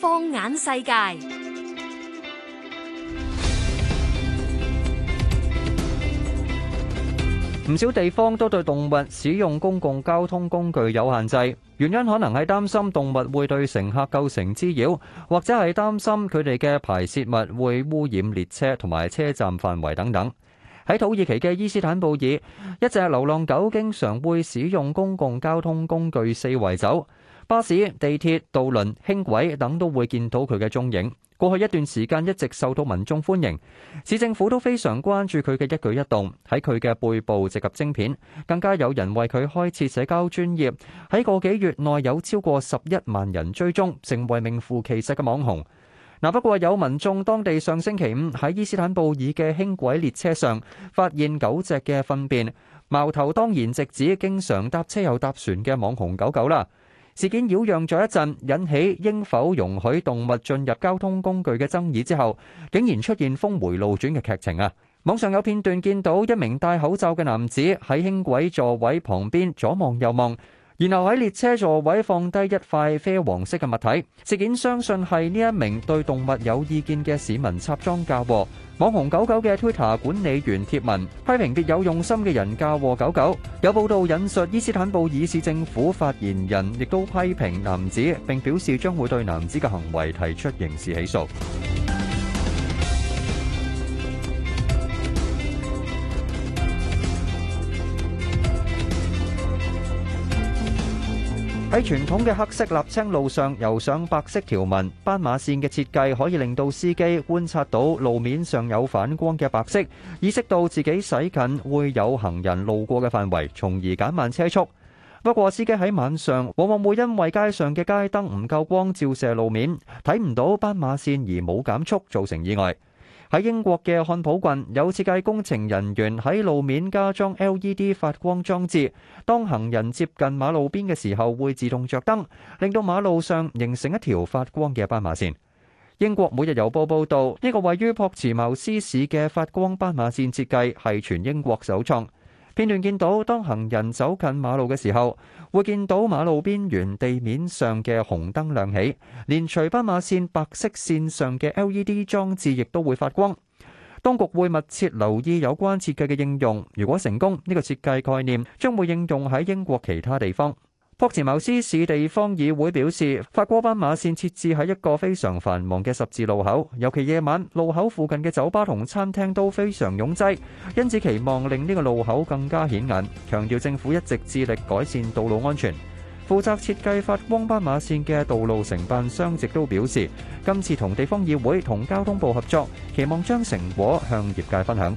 放眼世界，唔少地方都對動物使用公共交通工具有限制，原因可能係擔心動物會對乘客構成滋擾，或者係擔心佢哋嘅排泄物會污染列車同埋車站範圍等等。喺土耳其嘅伊斯坦布爾，一隻流浪狗經常會使用公共交通工具四圍走，巴士、地鐵、渡輪、輕軌等都會見到佢嘅蹤影。過去一段時間一直受到民眾歡迎，市政府都非常關注佢嘅一舉一動，喺佢嘅背部植入晶片，更加有人為佢開設社交專業。喺個幾月內有超過十一萬人追蹤，成為名副其實嘅網紅。嗱，不過有民眾當地上星期五喺伊斯坦布爾嘅輕軌列車上發現狗隻嘅糞便，矛頭當然直指經常搭車又搭船嘅網紅狗狗啦。事件擾攘咗一陣，引起應否容許動物進入交通工具嘅爭議之後，竟然出現峰回路轉嘅劇情啊！網上有片段見到一名戴口罩嘅男子喺輕軌座位旁邊左望右望。然後喺列車座位放低一塊啡黃色嘅物體，事件相信係呢一名對動物有意見嘅市民插贓嫁禍。網紅狗狗嘅 Twitter 管理員貼文批評別有用心嘅人嫁禍狗狗。有報道引述伊斯坦布爾市政府發言人亦都批評男子，並表示將會對男子嘅行為提出刑事起訴。喺傳統嘅黑色瀝青路上，油上白色條紋斑馬線嘅設計，可以令到司機觀察到路面上有反光嘅白色，意識到自己駛近會有行人路過嘅範圍，從而減慢車速。不過，司機喺晚上往往會因為街上嘅街燈唔夠光照射路面，睇唔到斑馬線而冇減速，造成意外。喺英國嘅漢普郡，有設計工程人員喺路面加裝 LED 發光裝置，當行人接近馬路邊嘅時候會自動着燈，令到馬路上形成一條發光嘅斑馬線。英國每日郵報報導，呢個位於朴茨茅斯市嘅發光斑馬線設計係全英國首創。片段見到，當行人走近馬路嘅時候，會見到馬路邊緣地面上嘅紅燈亮起，連隨斑馬線白色線上嘅 LED 裝置亦都會發光。當局會密切留意有關設計嘅應用，如果成功，呢個設計概念將會應用喺英國其他地方。波茲茅斯市地方議會表示，發光斑馬線設置喺一個非常繁忙的十字路口，尤其夜晚，路口附近的酒吧同餐廳都非常擁擠，因此期望令這個路口更加顯眼，強調政府一直致力改善道路安全。負責設計發光斑馬線的道路承辦商亦都表示，今次同地方議會同交通部合作，期望將成果向業界分享。